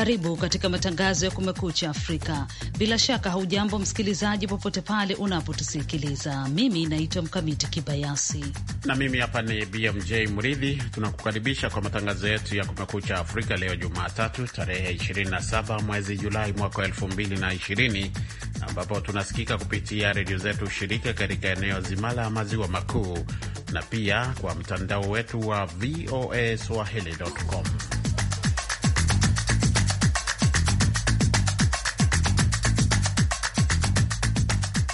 Karibu katika matangazo ya Kumekucha Afrika. Bila shaka haujambo msikilizaji, popote pale unapotusikiliza. Mimi naitwa Mkamiti Kibayasi na mimi hapa ni BMJ Mridhi. Tunakukaribisha kwa matangazo yetu ya Kumekucha Afrika leo Jumatatu tarehe 27 mwezi Julai mwaka 2020 ambapo tunasikika kupitia redio zetu shirika katika eneo zima la maziwa makuu na pia kwa mtandao wetu wa voa swahili.com.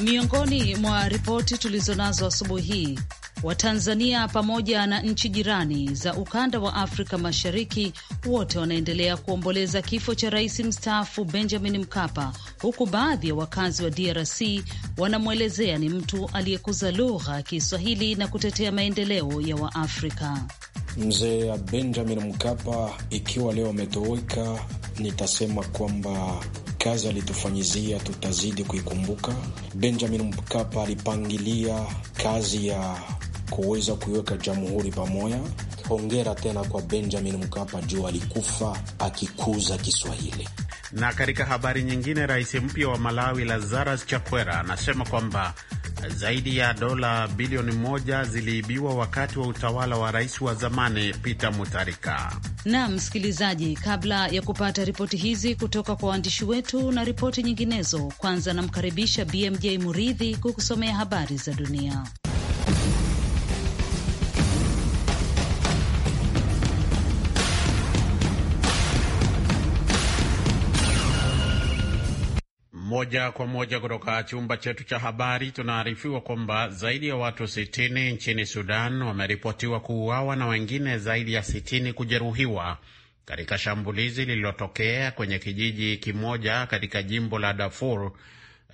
Miongoni mwa ripoti tulizonazo asubuhi hii, Watanzania pamoja na nchi jirani za ukanda wa Afrika Mashariki wote wanaendelea kuomboleza kifo cha rais mstaafu Benjamin Mkapa, huku baadhi ya wakazi wa DRC wanamwelezea ni mtu aliyekuza lugha ya Kiswahili na kutetea maendeleo ya Waafrika. Mzee ya Benjamin Mkapa ikiwa leo ametoweka, nitasema kwamba kazi alitufanyizia tutazidi kuikumbuka. Benjamin Mkapa alipangilia kazi ya kuweza kuiweka jamhuri pamoja. Hongera tena kwa Benjamin Mkapa juu alikufa akikuza Kiswahili. Na katika habari nyingine, rais mpya wa Malawi Lazarus Chakwera anasema kwamba zaidi ya dola bilioni moja ziliibiwa wakati wa utawala wa rais wa zamani Peter Mutharika. Naam msikilizaji, kabla ya kupata ripoti hizi kutoka kwa waandishi wetu na ripoti nyinginezo, kwanza namkaribisha BMJ Muridhi kukusomea habari za dunia. Moja kwa moja kutoka chumba chetu cha habari, tunaarifiwa kwamba zaidi ya watu 60 nchini Sudan wameripotiwa kuuawa na wengine zaidi ya 60 kujeruhiwa katika shambulizi lililotokea kwenye kijiji kimoja katika jimbo la Darfur,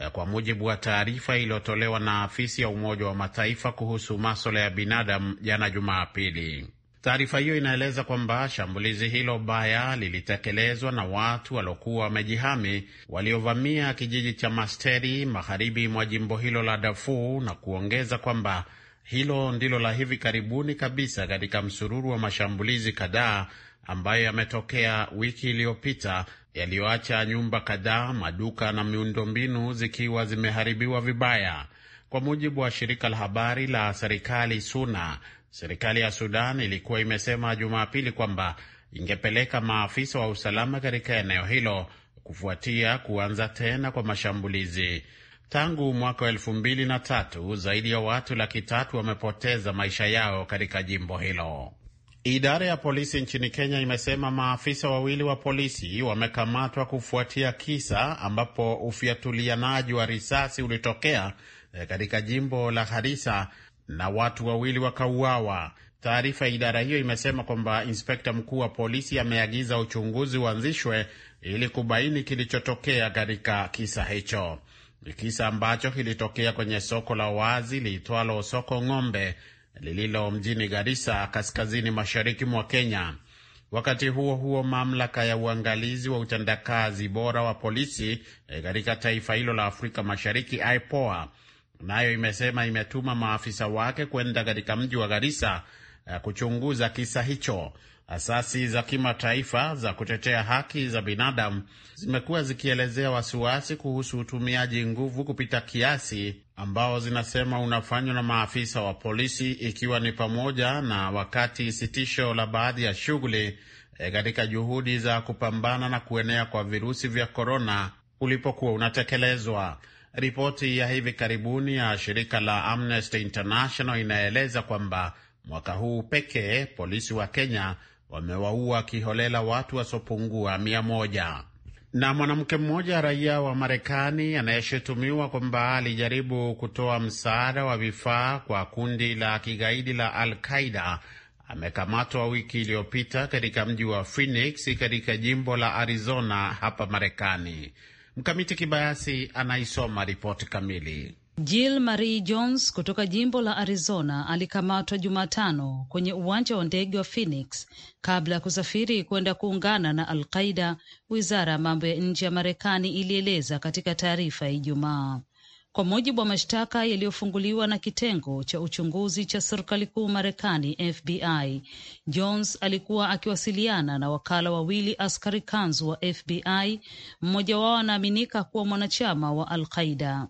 eh, kwa mujibu wa taarifa iliyotolewa na afisi ya Umoja wa Mataifa kuhusu maswala ya binadamu jana Jumapili. Taarifa hiyo inaeleza kwamba shambulizi hilo baya lilitekelezwa na watu waliokuwa wamejihami waliovamia kijiji cha Masteri magharibi mwa jimbo hilo la Darfur na kuongeza kwamba hilo ndilo la hivi karibuni kabisa katika msururu wa mashambulizi kadhaa ambayo yametokea wiki iliyopita yaliyoacha nyumba kadhaa, maduka na miundombinu zikiwa zimeharibiwa vibaya. Kwa mujibu wa shirika la habari la serikali SUNA, Serikali ya Sudan ilikuwa imesema Jumapili kwamba ingepeleka maafisa wa usalama katika eneo hilo kufuatia kuanza tena kwa mashambulizi. Tangu mwaka wa elfu mbili na tatu zaidi ya watu laki tatu wamepoteza maisha yao katika jimbo hilo. Idara ya polisi nchini Kenya imesema maafisa wawili wa polisi wamekamatwa kufuatia kisa ambapo ufyatulianaji wa risasi ulitokea eh, katika jimbo la Harisa na watu wawili wakauawa. Taarifa ya idara hiyo imesema kwamba inspekta mkuu wa polisi ameagiza uchunguzi uanzishwe ili kubaini kilichotokea katika kisa hicho. Kisa ambacho kilitokea kwenye soko la wazi liitwalo soko Ng'ombe lililo mjini Garissa, kaskazini mashariki mwa Kenya. Wakati huo huo, mamlaka ya uangalizi wa utendakazi bora wa polisi eh, katika taifa hilo la Afrika Mashariki, IPOA, nayo imesema imetuma maafisa wake kwenda katika mji wa Garissa eh, kuchunguza kisa hicho. Asasi za kimataifa za kutetea haki za binadamu zimekuwa zikielezea wasiwasi kuhusu utumiaji nguvu kupita kiasi ambao zinasema unafanywa na maafisa wa polisi, ikiwa ni pamoja na wakati sitisho la baadhi ya shughuli eh, katika juhudi za kupambana na kuenea kwa virusi vya korona ulipokuwa unatekelezwa. Ripoti ya hivi karibuni ya shirika la Amnesty International inaeleza kwamba mwaka huu pekee polisi wa Kenya wamewaua kiholela watu wasiopungua mia moja. Na mwanamke mmoja raia wa Marekani anayeshutumiwa kwamba alijaribu kutoa msaada wa vifaa kwa kundi la kigaidi la Al Qaida amekamatwa wiki iliyopita katika mji wa Phoenix katika jimbo la Arizona hapa Marekani. Mkamiti Kibayasi anaisoma ripoti kamili. Jill Marie Jones kutoka jimbo la Arizona alikamatwa Jumatano kwenye uwanja wa ndege wa Phoenix kabla ya kusafiri kwenda kuungana na Al Qaida, wizara ya mambo ya nje ya Marekani ilieleza katika taarifa ya Ijumaa kwa mujibu wa mashtaka yaliyofunguliwa na kitengo cha uchunguzi cha serikali kuu Marekani, FBI. Jones alikuwa akiwasiliana na wakala wawili askari kanzu wa FBI, mmoja wao anaaminika kuwa mwanachama wa Alqaida.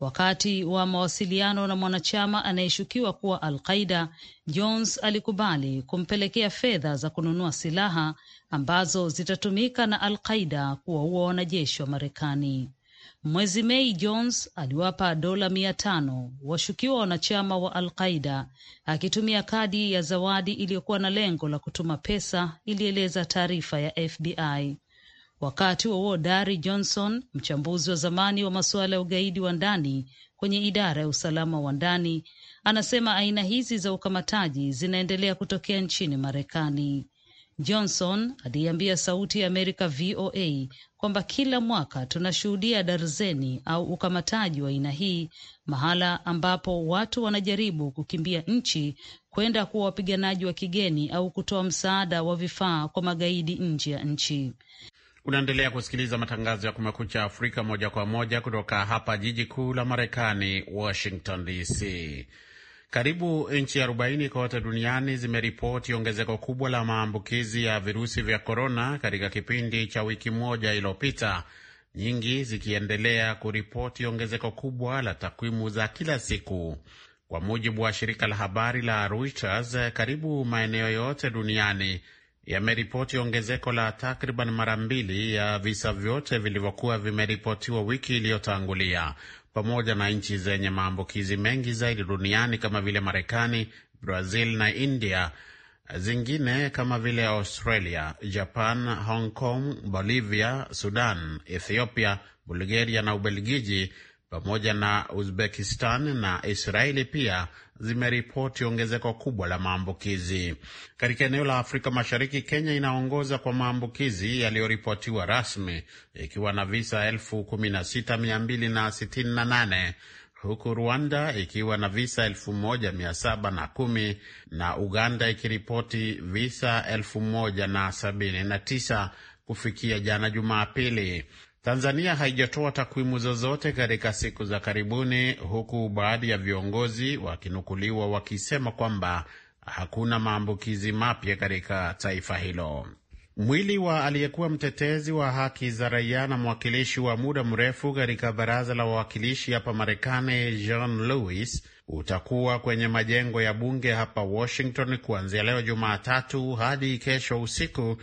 Wakati wa mawasiliano na mwanachama anayeshukiwa kuwa Alqaida, Jones alikubali kumpelekea fedha za kununua silaha ambazo zitatumika na Alqaida kuwaua wanajeshi wa Marekani. Mwezi Mei Jones aliwapa dola mia tano washukiwa wanachama wa Al Qaida akitumia kadi ya zawadi iliyokuwa na lengo la kutuma pesa, ilieleza taarifa ya FBI. Wakati huo Dari Johnson, mchambuzi wa zamani wa masuala ya ugaidi wa ndani kwenye idara ya usalama wa ndani, anasema aina hizi za ukamataji zinaendelea kutokea nchini Marekani. Johnson aliambia Sauti ya Amerika VOA kwamba kila mwaka tunashuhudia darzeni au ukamataji wa aina hii, mahala ambapo watu wanajaribu kukimbia nchi kwenda kuwa wapiganaji wa kigeni au kutoa msaada wa vifaa kwa magaidi nje ya nchi. Unaendelea kusikiliza matangazo ya Kumekucha Afrika moja kwa moja kutoka hapa jiji kuu la Marekani, Washington DC. Karibu nchi 40 kote duniani zimeripoti ongezeko kubwa la maambukizi ya virusi vya korona katika kipindi cha wiki moja iliyopita, nyingi zikiendelea kuripoti ongezeko kubwa la takwimu za kila siku. Kwa mujibu wa shirika la habari la Reuters, karibu maeneo yote duniani yameripoti ongezeko la takriban mara mbili ya visa vyote vilivyokuwa vimeripotiwa wiki iliyotangulia, pamoja na nchi zenye maambukizi mengi zaidi duniani kama vile Marekani, Brazil na India, zingine kama vile Australia, Japan, Hong Kong, Bolivia, Sudan, Ethiopia, Bulgaria na Ubelgiji pamoja na Uzbekistan na Israeli pia zimeripoti ongezeko kubwa la maambukizi. Katika eneo la Afrika Mashariki, Kenya inaongoza kwa maambukizi yaliyoripotiwa rasmi ikiwa na visa 16268 huku Rwanda ikiwa na visa 1710 na Uganda ikiripoti visa 179 kufikia jana Jumapili. Tanzania haijatoa takwimu zozote katika siku za karibuni, huku baadhi ya viongozi wakinukuliwa wakisema kwamba hakuna maambukizi mapya katika taifa hilo. Mwili wa aliyekuwa mtetezi wa haki za raia na mwakilishi wa muda mrefu katika baraza la wawakilishi hapa Marekani, John Lewis, utakuwa kwenye majengo ya bunge hapa Washington kuanzia leo Jumatatu hadi kesho usiku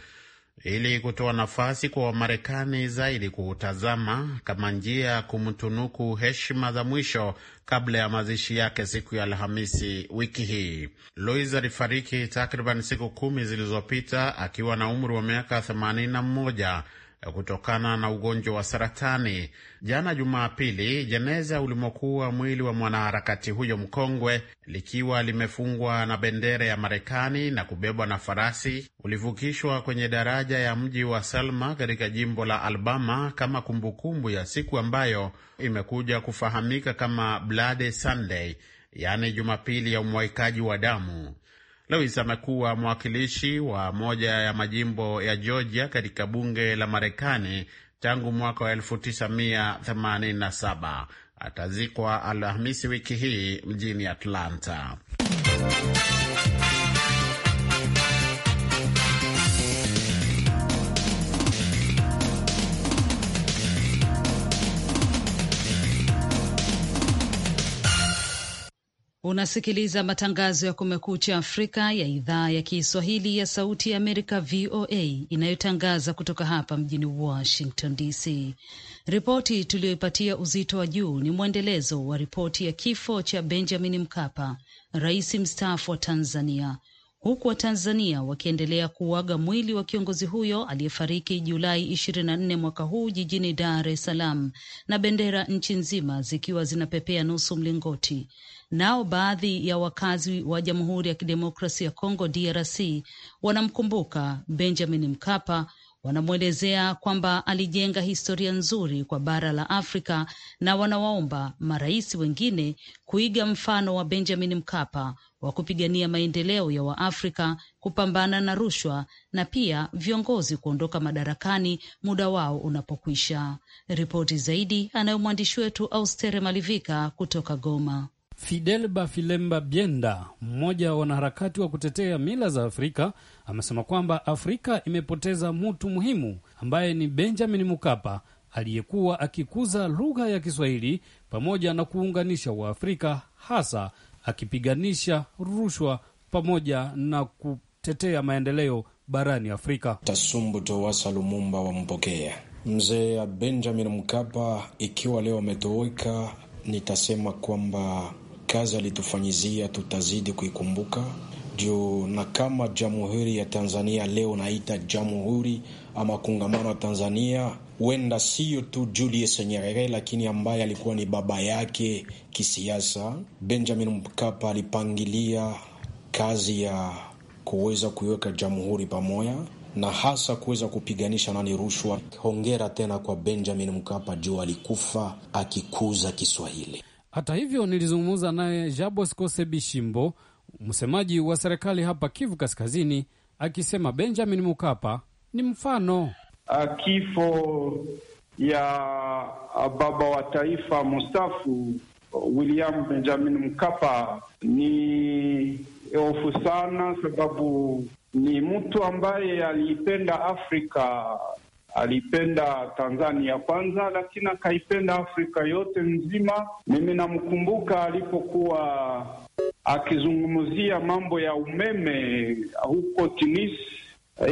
ili kutoa nafasi kwa Wamarekani zaidi kuutazama kama njia ya kumtunuku heshima za mwisho kabla ya mazishi yake siku ya Alhamisi wiki hii. Louis alifariki takriban siku kumi zilizopita akiwa na umri wa miaka 81 kutokana na ugonjwa wa saratani. Jana Jumapili, jeneza ulimokuwa mwili wa mwanaharakati huyo mkongwe likiwa limefungwa na bendera ya Marekani na kubebwa na farasi ulivukishwa kwenye daraja ya mji wa Selma katika jimbo la Alabama kama kumbukumbu ya siku ambayo imekuja kufahamika kama Bloody Sunday, yaani Jumapili ya umwaikaji wa damu. Lewis amekuwa mwakilishi wa moja ya majimbo ya Georgia katika bunge la Marekani tangu mwaka wa 1987. Atazikwa Alhamisi wiki hii mjini Atlanta. Unasikiliza matangazo ya Kumekucha Afrika ya idhaa ya Kiswahili ya Sauti ya Amerika, VOA, inayotangaza kutoka hapa mjini Washington DC. Ripoti tuliyoipatia uzito wa juu ni mwendelezo wa ripoti ya kifo cha Benjamin Mkapa, rais mstaafu wa Tanzania, huku Watanzania wakiendelea kuuaga mwili wa kiongozi huyo aliyefariki Julai 24 mwaka huu jijini Dar es Salaam, na bendera nchi nzima zikiwa zinapepea nusu mlingoti. Nao baadhi ya wakazi wa Jamhuri ya Kidemokrasia ya Kongo DRC wanamkumbuka Benjamin Mkapa Wanamwelezea kwamba alijenga historia nzuri kwa bara la Afrika na wanawaomba marais wengine kuiga mfano wa Benjamin Mkapa wa kupigania maendeleo ya Waafrika, kupambana na rushwa na pia viongozi kuondoka madarakani muda wao unapokwisha. Ripoti zaidi anayo mwandishi wetu Austere Malivika kutoka Goma. Fidel Bafilemba bienda mmoja wa wanaharakati wa kutetea mila za Afrika, amesema kwamba Afrika imepoteza mtu muhimu ambaye ni Benjamin Mkapa aliyekuwa akikuza lugha ya Kiswahili pamoja na kuunganisha Waafrika, hasa akipiganisha rushwa pamoja na kutetea maendeleo barani Afrika. Tasumbu Towasa Lumumba wampokea mzee Benjamin Mkapa. Ikiwa leo ametoweka, nitasema kwamba kazi alitufanyizia tutazidi kuikumbuka juu, na kama jamhuri ya Tanzania leo naita jamhuri ama kongamano ya Tanzania, huenda sio tu Julius Nyerere, lakini ambaye alikuwa ni baba yake kisiasa. Benjamin Mkapa alipangilia kazi ya kuweza kuiweka jamhuri pamoja na hasa kuweza kupiganisha nani rushwa. Hongera tena kwa Benjamin Mkapa juu alikufa akikuza Kiswahili. Hata hivyo, nilizungumza naye Jabos Kose Bishimbo, msemaji wa serikali hapa Kivu Kaskazini, akisema Benjamin Mkapa ni mfano kifo ya baba wa taifa mustafu William Benjamin Mkapa ni hofu sana, sababu ni mtu ambaye aliipenda Afrika alipenda Tanzania kwanza, lakini akaipenda Afrika yote nzima. Mimi namkumbuka alipokuwa akizungumzia mambo ya umeme huko Tunis.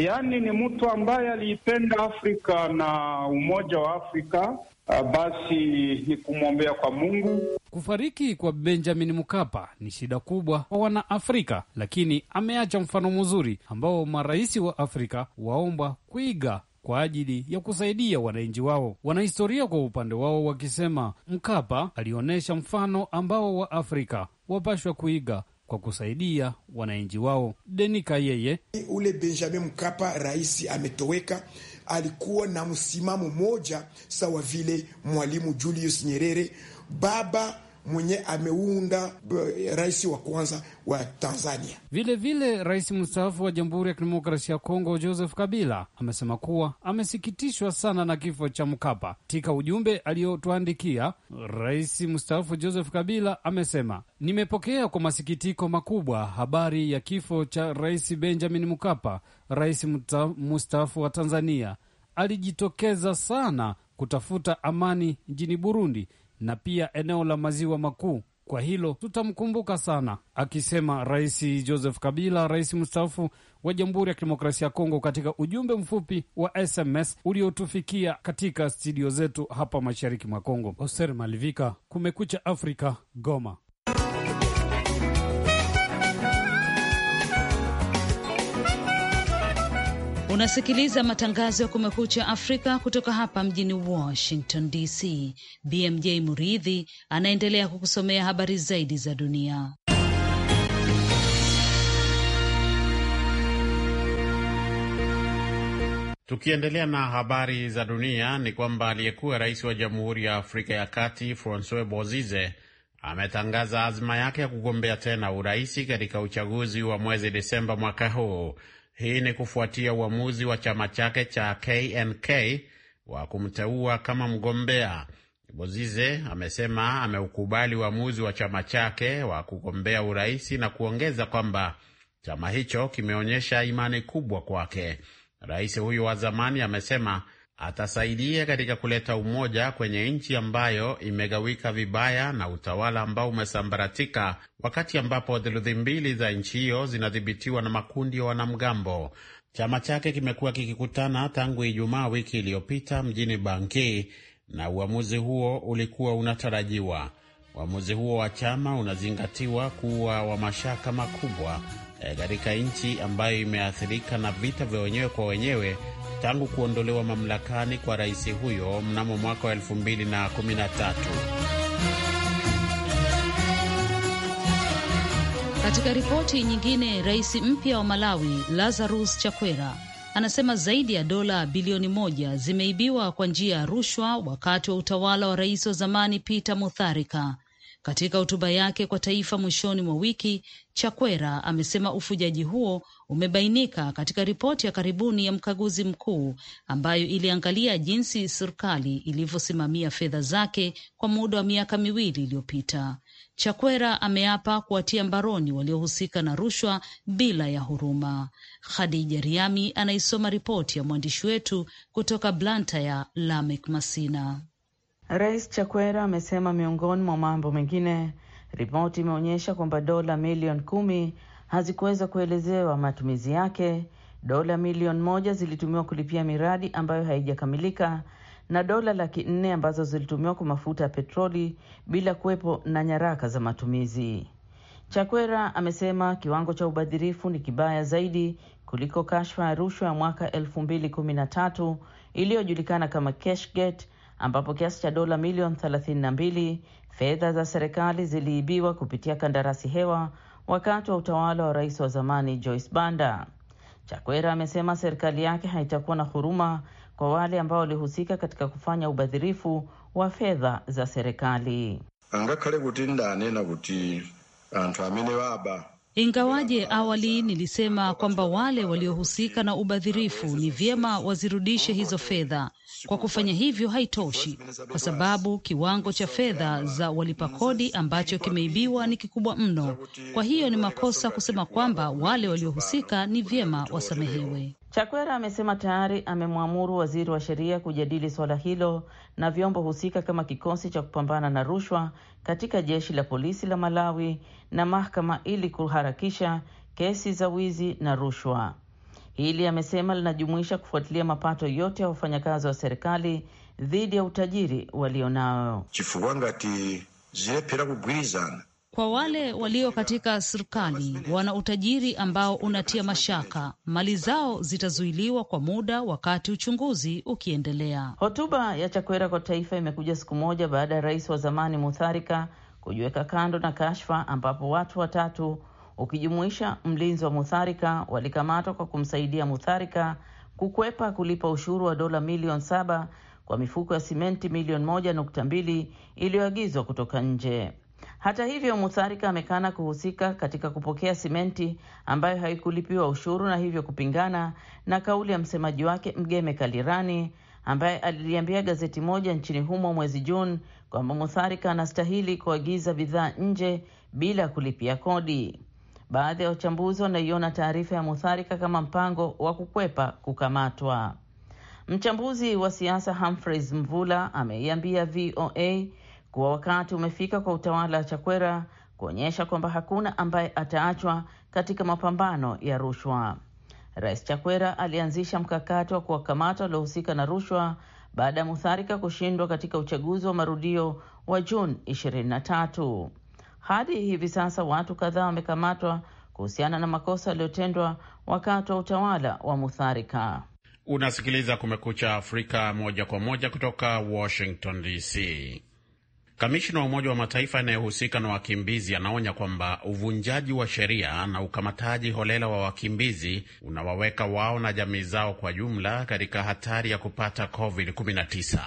Yaani ni mtu ambaye aliipenda Afrika na umoja wa Afrika. Ah, basi ni kumwombea kwa Mungu. Kufariki kwa Benjamin Mkapa ni shida kubwa kwa Wanaafrika, lakini ameacha mfano mzuri ambao marais wa Afrika waombwa kuiga kwa ajili ya kusaidia wananchi wao. Wanahistoria kwa upande wao wakisema Mkapa alionyesha mfano ambao wa Afrika wapashwa kuiga kwa kusaidia wananchi wao. Denika yeye ule Benjamin Mkapa, rais ametoweka, alikuwa na msimamo moja sawa vile Mwalimu Julius Nyerere, baba mwenye ameunda eh, rais wa kwanza wa Tanzania. Vilevile, rais mstaafu wa Jamhuri ya Kidemokrasia ya Kongo Joseph Kabila amesema kuwa amesikitishwa sana na kifo cha Mkapa. Katika ujumbe aliyotuandikia, rais mstaafu Joseph Kabila amesema, nimepokea kwa masikitiko makubwa habari ya kifo cha rais Benjamin Mkapa, rais mstaafu wa Tanzania. Alijitokeza sana kutafuta amani nchini Burundi na pia eneo la maziwa makuu. Kwa hilo tutamkumbuka sana, akisema Rais Joseph Kabila, rais mstaafu wa Jamhuri ya Kidemokrasia ya Kongo, katika ujumbe mfupi wa SMS uliotufikia katika studio zetu hapa mashariki mwa Kongo. Hoser Malivika, Kumekucha Afrika, Goma. Unasikiliza matangazo ya Kumekucha Afrika kutoka hapa mjini Washington DC. BMJ Muridhi anaendelea kukusomea habari zaidi za dunia. Tukiendelea na habari za dunia ni kwamba aliyekuwa rais wa Jamhuri ya Afrika ya Kati Francois Bozize ametangaza azma yake ya kugombea tena uraisi katika uchaguzi wa mwezi Desemba mwaka huu. Hii ni kufuatia uamuzi wa chama chake cha KNK wa kumteua kama mgombea. Bozize amesema ameukubali uamuzi wa chama chake wa kugombea urais na kuongeza kwamba chama hicho kimeonyesha imani kubwa kwake. Rais huyo wa zamani amesema atasaidia katika kuleta umoja kwenye nchi ambayo imegawika vibaya na utawala ambao umesambaratika, wakati ambapo theluthi mbili za nchi hiyo zinadhibitiwa na makundi ya wanamgambo. Chama chake kimekuwa kikikutana tangu Ijumaa wiki iliyopita mjini Bangui na uamuzi huo ulikuwa unatarajiwa. Uamuzi huo wa chama unazingatiwa kuwa wa mashaka makubwa eh, katika e, nchi ambayo imeathirika na vita vya wenyewe kwa wenyewe tangu kuondolewa mamlakani kwa rais huyo mnamo mwaka wa 2013. Katika ripoti nyingine, rais mpya wa Malawi Lazarus Chakwera anasema zaidi ya dola bilioni moja zimeibiwa kwa njia ya rushwa wakati wa utawala wa rais wa zamani Peter Mutharika. Katika hotuba yake kwa taifa mwishoni mwa wiki, Chakwera amesema ufujaji huo umebainika katika ripoti ya karibuni ya mkaguzi mkuu ambayo iliangalia jinsi serikali ilivyosimamia fedha zake kwa muda wa miaka miwili iliyopita. Chakwera ameapa kuwatia mbaroni waliohusika na rushwa bila ya huruma. Khadija Riami anaisoma ripoti ya mwandishi wetu kutoka Blantyre, Lamek Masina. Rais Chakwera amesema miongoni mwa mambo mengine, ripoti imeonyesha kwamba dola milioni kumi hazikuweza kuelezewa matumizi yake. Dola milioni moja zilitumiwa kulipia miradi ambayo haijakamilika na dola laki nne ambazo zilitumiwa kwa mafuta ya petroli bila kuwepo na nyaraka za matumizi. Chakwera amesema kiwango cha ubadhirifu ni kibaya zaidi kuliko kashfa ya rushwa ya mwaka 2013 iliyojulikana kama Cashgate ambapo kiasi cha dola milioni 32 fedha za serikali ziliibiwa kupitia kandarasi hewa wakati wa utawala wa rais wa zamani Joyce Banda. Chakwera amesema serikali yake haitakuwa na huruma kwa wale ambao walihusika katika kufanya ubadhirifu wa fedha za serikali. angakhale kuti ndanena na kuti anthu amene waba Ingawaje awali nilisema kwamba wale waliohusika na ubadhirifu ni vyema wazirudishe hizo fedha. Kwa kufanya hivyo haitoshi, kwa sababu kiwango cha fedha za walipa kodi ambacho kimeibiwa ni kikubwa mno. Kwa hiyo ni makosa kusema kwamba wale waliohusika ni vyema wasamehewe. Chakwera amesema tayari amemwamuru waziri wa sheria kujadili swala hilo na vyombo husika kama kikosi cha kupambana na rushwa katika jeshi la polisi la Malawi na mahakama ili kuharakisha kesi za wizi na rushwa. Hili amesema linajumuisha kufuatilia mapato yote ya wafanyakazi wa serikali dhidi ya utajiri walionao. chifuwangati zirepera kugwirizana kwa wale walio katika serikali wana utajiri ambao unatia mashaka, mali zao zitazuiliwa kwa muda wakati uchunguzi ukiendelea. Hotuba ya Chakwera kwa taifa imekuja siku moja baada ya rais wa zamani Mutharika kujiweka kando na kashfa, ambapo watu watatu ukijumuisha mlinzi wa Mutharika walikamatwa kwa kumsaidia Mutharika kukwepa kulipa ushuru wa dola milioni saba kwa mifuko ya simenti milioni moja nukta mbili iliyoagizwa kutoka nje. Hata hivyo, Mutharika amekana kuhusika katika kupokea simenti ambayo haikulipiwa ushuru na hivyo kupingana na kauli ya msemaji wake Mgeme Kalirani ambaye aliliambia gazeti moja nchini humo mwezi Juni kwamba Mutharika anastahili kuagiza bidhaa nje bila kulipia kodi. Baadhi ya wachambuzi wanaiona taarifa ya Mutharika kama mpango wa kukwepa kukamatwa. Mchambuzi wa siasa Humphreys Mvula ameiambia VOA kuwa wakati umefika kwa utawala wa Chakwera kuonyesha kwamba hakuna ambaye ataachwa katika mapambano ya rushwa. Rais Chakwera alianzisha mkakati wa kuwakamata waliohusika na rushwa baada ya Mutharika kushindwa katika uchaguzi wa marudio wa Juni 23. Hadi hivi sasa watu kadhaa wamekamatwa kuhusiana na makosa yaliyotendwa wakati wa utawala wa Mutharika. Unasikiliza Kumekucha Afrika moja kwa moja kutoka Washington DC kamishina wa Umoja wa Mataifa anayehusika na wakimbizi anaonya kwamba uvunjaji wa sheria na ukamataji holela wa wakimbizi unawaweka wao na jamii zao kwa jumla katika hatari ya kupata COVID-19.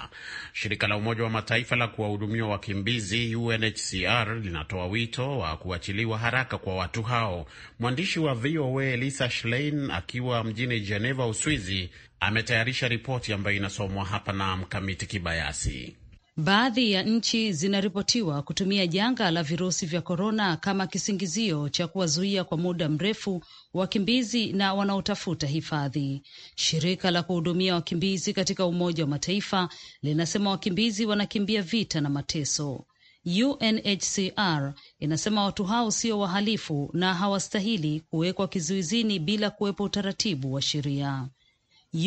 Shirika la Umoja wa Mataifa la kuwahudumia wakimbizi UNHCR linatoa wito wa kuachiliwa haraka kwa watu hao. Mwandishi wa VOA Elisa Schlein akiwa mjini Geneva, Uswizi, ametayarisha ripoti ambayo inasomwa hapa na Mkamiti Kibayasi. Baadhi ya nchi zinaripotiwa kutumia janga la virusi vya korona kama kisingizio cha kuwazuia kwa muda mrefu wakimbizi na wanaotafuta hifadhi. Shirika la kuhudumia wakimbizi katika Umoja wa Mataifa linasema wakimbizi wanakimbia vita na mateso. UNHCR inasema watu hao sio wahalifu na hawastahili kuwekwa kizuizini bila kuwepo utaratibu wa sheria.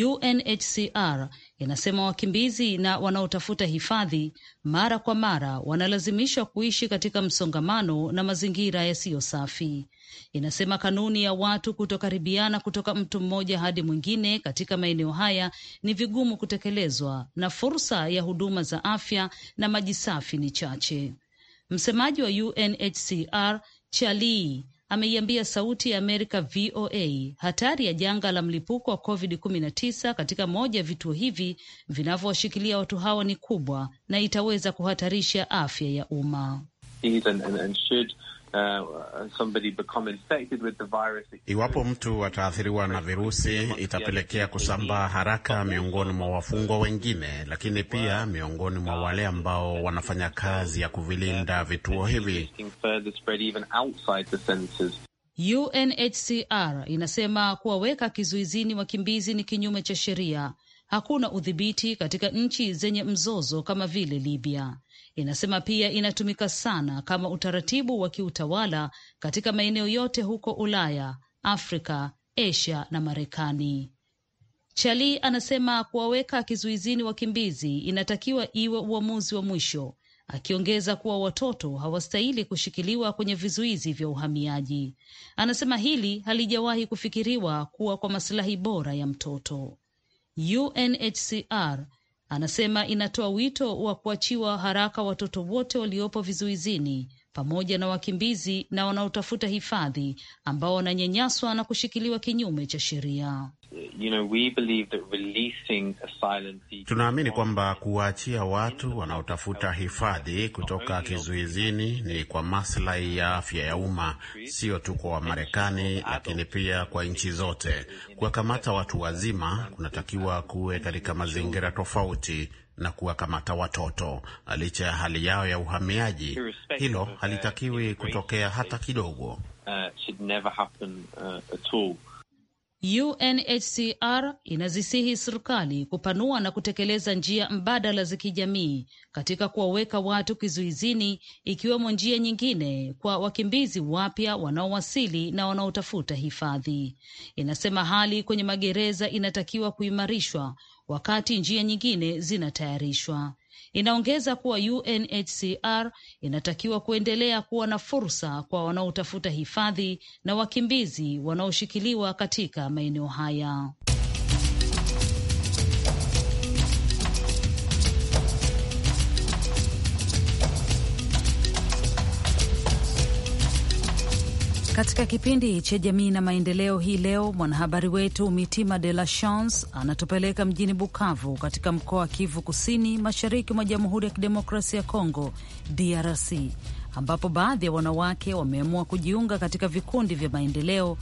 UNHCR inasema wakimbizi na wanaotafuta hifadhi mara kwa mara wanalazimishwa kuishi katika msongamano na mazingira yasiyo safi. Inasema kanuni ya watu kutokaribiana kutoka mtu mmoja hadi mwingine katika maeneo haya ni vigumu kutekelezwa na fursa ya huduma za afya na maji safi ni chache. Msemaji wa UNHCR Chalii ameiambia Sauti ya Amerika VOA hatari ya janga la mlipuko wa COVID-19 katika moja ya vituo hivi vinavyowashikilia watu hawa ni kubwa na itaweza kuhatarisha afya ya umma. Uh, Iwapo mtu ataathiriwa na virusi, itapelekea kusambaa haraka miongoni mwa wafungwa wengine, lakini pia miongoni mwa wale ambao wanafanya kazi ya kuvilinda vituo hivi. UNHCR inasema kuwaweka kizuizini wakimbizi ni kinyume cha sheria. Hakuna udhibiti katika nchi zenye mzozo kama vile Libya. Inasema pia inatumika sana kama utaratibu wa kiutawala katika maeneo yote huko Ulaya, Afrika, Asia na Marekani. Chali anasema kuwaweka kizuizini wakimbizi inatakiwa iwe uamuzi wa mwisho, akiongeza kuwa watoto hawastahili kushikiliwa kwenye vizuizi vya uhamiaji. Anasema hili halijawahi kufikiriwa kuwa kwa masilahi bora ya mtoto. UNHCR Anasema inatoa wito wa kuachiwa haraka watoto wote waliopo vizuizini pamoja na wakimbizi na wanaotafuta hifadhi ambao wananyanyaswa na kushikiliwa kinyume cha sheria. You know, tunaamini kwamba kuwaachia watu wanaotafuta hifadhi kutoka kizuizini ni kwa maslahi ya afya ya umma, sio tu kwa Wamarekani, lakini pia kwa nchi zote. Kuwakamata watu wazima kunatakiwa kuwe katika mazingira tofauti na kuwakamata watoto. Licha ya hali yao ya uhamiaji, hilo halitakiwi kutokea hata kidogo. UNHCR uh, uh, inazisihi serikali kupanua na kutekeleza njia mbadala za kijamii katika kuwaweka watu kizuizini, ikiwemo njia nyingine kwa wakimbizi wapya wanaowasili na wanaotafuta hifadhi. Inasema hali kwenye magereza inatakiwa kuimarishwa wakati njia nyingine zinatayarishwa. Inaongeza kuwa UNHCR inatakiwa kuendelea kuwa na fursa kwa wanaotafuta hifadhi na wakimbizi wanaoshikiliwa katika maeneo haya. Katika kipindi cha jamii na maendeleo hii leo, mwanahabari wetu Mitima de la Chance anatupeleka mjini Bukavu katika mkoa wa Kivu Kusini, mashariki mwa Jamhuri ya Kidemokrasia ya Kongo, DRC, ambapo baadhi ya wanawake wameamua kujiunga katika vikundi vya maendeleo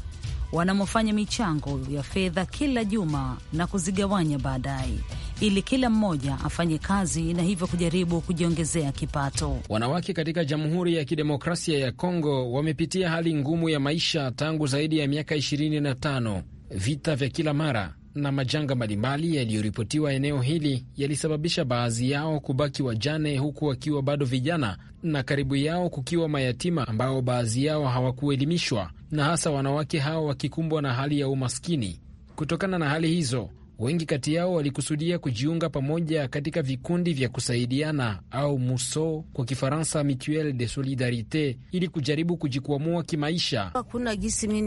wanamofanya michango ya fedha kila juma na kuzigawanya baadaye ili kila mmoja afanye kazi na hivyo kujaribu kujiongezea kipato. Wanawake katika Jamhuri ya Kidemokrasia ya Kongo wamepitia hali ngumu ya maisha tangu zaidi ya miaka 25. Vita vya kila mara na majanga mbalimbali yaliyoripotiwa eneo hili yalisababisha baadhi yao kubaki wajane huku wakiwa bado vijana, na karibu yao kukiwa mayatima ambao baadhi yao hawakuelimishwa, na hasa wanawake hao wakikumbwa na hali ya umaskini. Kutokana na hali hizo Wengi kati yao walikusudia kujiunga pamoja katika vikundi vya kusaidiana au muso kwa Kifaransa, mituel de solidarite, ili kujaribu kujikwamua kimaisha. Hakuna gisi mi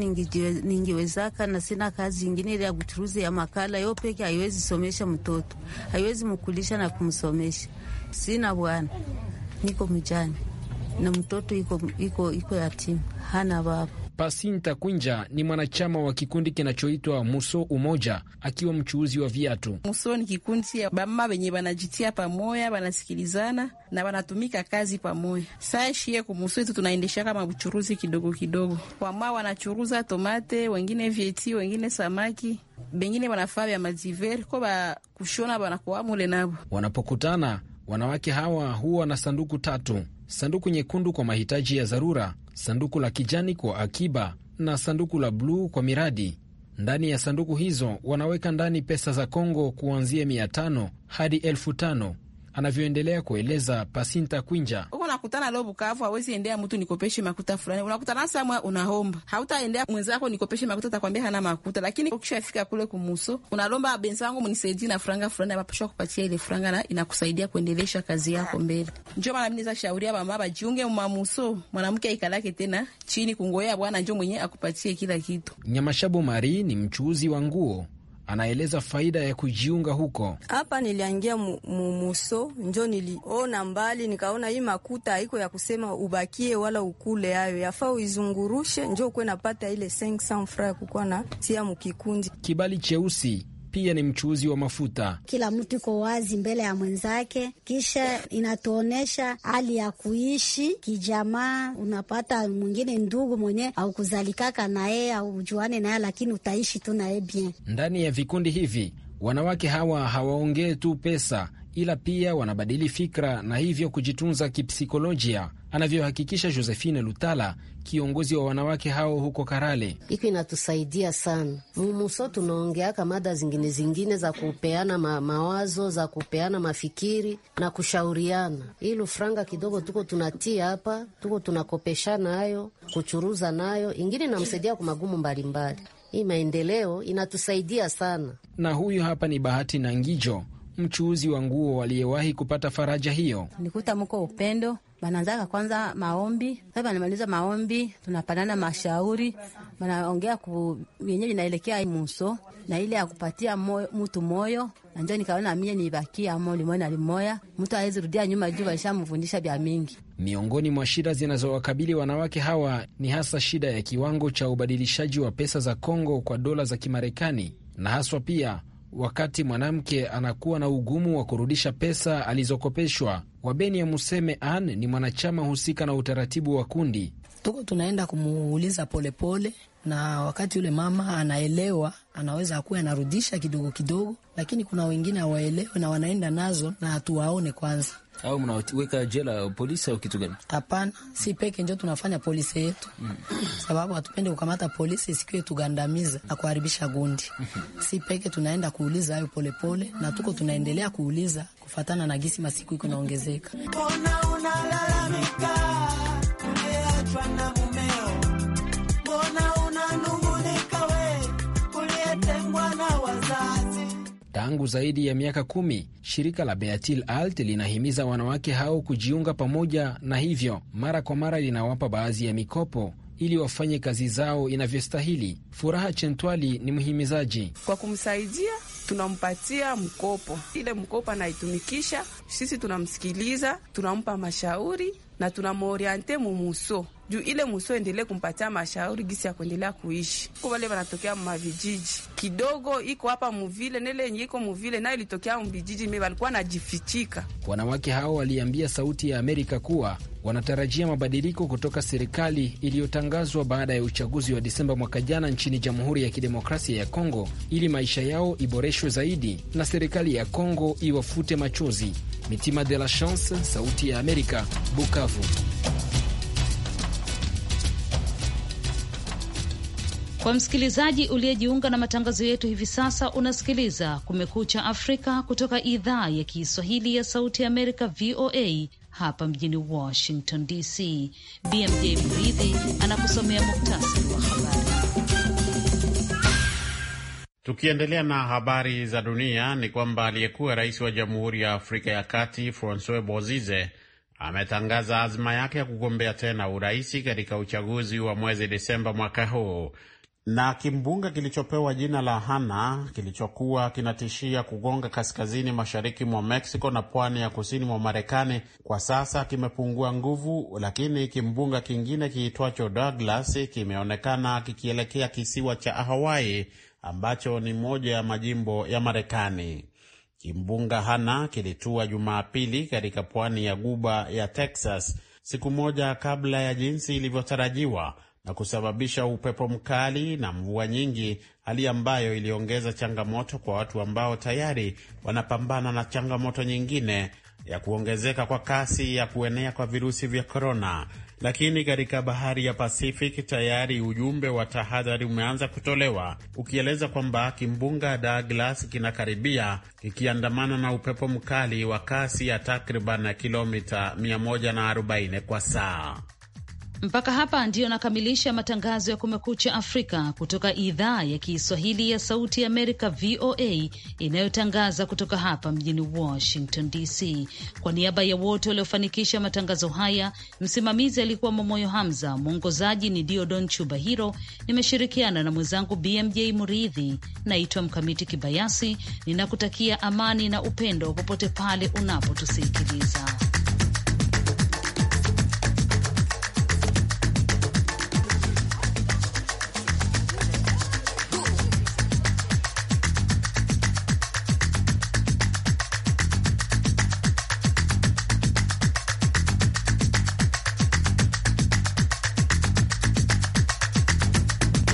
ningiwezaka na sina kazi ingine ile ya ya makala yo peke haiwezi somesha mtoto, haiwezi mkulisha na kumsomesha. Sina bwana, niko mjani na mtoto iko, iko, iko yatima, hana baba Pasinta Kwinja ni mwanachama wa kikundi kinachoitwa Muso Umoja, akiwa mchuuzi wa viatu. Muso ni kikundi ya bamama wenye wanajitia pamoya, wanasikilizana na wanatumika kazi pamoya. Saa shie kumuso yetu tunaendesha kama uchuruzi kidogo kidogo, wama wanachuruza tomate, wengine vieti, wengine samaki, bengine wanafaa vya maziver ko ba kushona bakushona mule nabo. Wanapokutana wanawake hawa huwa na sanduku tatu, sanduku nyekundu kwa mahitaji ya dharura sanduku la kijani kwa akiba na sanduku la bluu kwa miradi. Ndani ya sanduku hizo wanaweka ndani pesa za Kongo kuanzia mia tano hadi elfu tano anavyoendelea kueleza Pasinta Kwinja. Uko nakutana leo Bukavu, hawezi endea mtu nikopeshe makuta fulani, unakutana samwa unaomba, hautaendea mwenzako nikopeshe makuta, takwambia hana makuta. Lakini ukishafika kule kumuso, unalomba benzangu mnisaidie na franga fulani, apapashwa kupatia ile franga na inakusaidia kuendelesha kazi yako mbele. Njo maana mimi shauria mama bajiunge mamuso, mwanamke aikalake tena chini kungoea bwana, njo mwenye akupatie kila kitu. Nyamashabu Mari ni mchuuzi wa nguo anaeleza faida ya kujiunga huko. Hapa niliangia mumuso njo niliona mbali, nikaona hii makuta haiko ya kusema ubakie wala ukule, hayo yafaa uizungurushe njo ukuwe napata ile 500 ya kukuwa na tia mukikundi kibali cheusi pia ni mchuuzi wa mafuta. Kila mtu iko wazi mbele ya mwenzake, kisha inatuonyesha hali ya kuishi kijamaa. Unapata mwingine ndugu mwenye aukuzalikaka naye au ujuane naye, lakini utaishi tu naye bien. Ndani ya vikundi hivi wanawake hawa hawaongee tu pesa ila pia wanabadili fikra na hivyo kujitunza kipsikolojia, anavyohakikisha Josephine Lutala, kiongozi wa wanawake hao huko Karale. Iko inatusaidia sana mumuso, tunaongeaka mada zingine zingine za kupeana ma mawazo za kupeana mafikiri na kushauriana. Ilu franga kidogo tuko tunatia hapa, tuko tunakopesha nayo kuchuruza nayo, ingine inamsaidia kwa magumu mbalimbali. Hii maendeleo inatusaidia sana. Na huyu hapa ni Bahati na Ngijo mchuuzi wa nguo aliyewahi kupata faraja hiyo. Nikuta mko upendo, bananzaka kwanza maombi, sa banamaliza maombi, tunapanana mashauri, banaongea ku yenyewe inaelekea muso na ile akupatia moyo, mtu moyo nanjo nikaona mie mo limoya na limoya, mtu awezi rudia nyuma juu walishamfundisha vya mingi. Miongoni mwa shida zinazowakabili wanawake hawa ni hasa shida ya kiwango cha ubadilishaji wa pesa za Kongo kwa dola za Kimarekani na haswa pia wakati mwanamke anakuwa na ugumu wa kurudisha pesa alizokopeshwa. wabeni ya Museme Ann ni mwanachama husika na utaratibu wa kundi. Tuko tunaenda kumuuliza polepole pole na wakati yule mama anaelewa, anaweza kuwa anarudisha kidogo kidogo, lakini kuna wengine hawaelewe na wanaenda nazo na hatuwaone kwanza. Au mnaweka jela polisi au kitu gani? Hapana, si peke njo tunafanya polisi yetu mm. sababu hatupende kukamata polisi isikiwe tugandamiza na kuharibisha gundi si peke tunaenda kuuliza hayo polepole, na tuko tunaendelea kuuliza kufatana na gisi masiku iko naongezeka Tangu zaidi ya miaka kumi, shirika la Beatil Alt linahimiza wanawake hao kujiunga pamoja, na hivyo mara kwa mara linawapa baadhi ya mikopo ili wafanye kazi zao inavyostahili. Furaha Chentwali ni mhimizaji. Kwa kumsaidia, tunampatia mkopo, ile mkopo anaitumikisha, sisi tunamsikiliza, tunampa mashauri na tunamoriente mumuso juu ile muso endelee kumpatia mashauri gisi ya kuendelea kuishi ko wale wanatokea mavijiji kidogo iko hapa muvile nele yenye iko muvile nayo ilitokea mvijiji me walikuwa najifichika. Wanawake hao waliambia Sauti ya Amerika kuwa wanatarajia mabadiliko kutoka serikali iliyotangazwa baada ya uchaguzi wa Disemba mwaka jana nchini Jamhuri ya Kidemokrasia ya Kongo ili maisha yao iboreshwe zaidi na serikali ya Kongo iwafute machozi. Mitima de la Chance, Sauti ya Amerika, Bukavu. Kwa msikilizaji uliyejiunga na matangazo yetu hivi sasa, unasikiliza Kumekucha Afrika kutoka idhaa ya Kiswahili ya Sauti ya Amerika, VOA hapa mjini Washington DC. BMJ Mridhi anakusomea muktasari wa habari. Tukiendelea na habari za dunia, ni kwamba aliyekuwa rais wa Jamhuri ya Afrika ya Kati Francois Bozize ametangaza azma yake ya kugombea tena uraisi katika uchaguzi wa mwezi Desemba mwaka huu na kimbunga kilichopewa jina la Hana kilichokuwa kinatishia kugonga kaskazini mashariki mwa Mexico na pwani ya kusini mwa Marekani kwa sasa kimepungua nguvu, lakini kimbunga kingine kiitwacho Douglas kimeonekana kikielekea kisiwa cha Hawaii ambacho ni moja ya majimbo ya Marekani. Kimbunga Hana kilitua Jumapili katika pwani ya guba ya Texas siku moja kabla ya jinsi ilivyotarajiwa na kusababisha upepo mkali na mvua nyingi, hali ambayo iliongeza changamoto kwa watu ambao tayari wanapambana na changamoto nyingine ya kuongezeka kwa kasi ya kuenea kwa virusi vya korona. Lakini katika bahari ya Pacific tayari ujumbe wa tahadhari umeanza kutolewa ukieleza kwamba kimbunga Douglas kinakaribia kikiandamana na upepo mkali wa kasi ya takriban kilomita 140 kwa saa. Mpaka hapa ndiyo nakamilisha matangazo ya Kumekucha Afrika kutoka idhaa ya Kiswahili ya Sauti ya Amerika, VOA, inayotangaza kutoka hapa mjini Washington DC. Kwa niaba ya wote waliofanikisha matangazo haya, msimamizi alikuwa Momoyo Hamza, mwongozaji ni Diodon chuba hiro Nimeshirikiana na mwenzangu BMJ Muridhi. Naitwa Mkamiti Kibayasi, ninakutakia amani na upendo popote pale unapotusikiliza.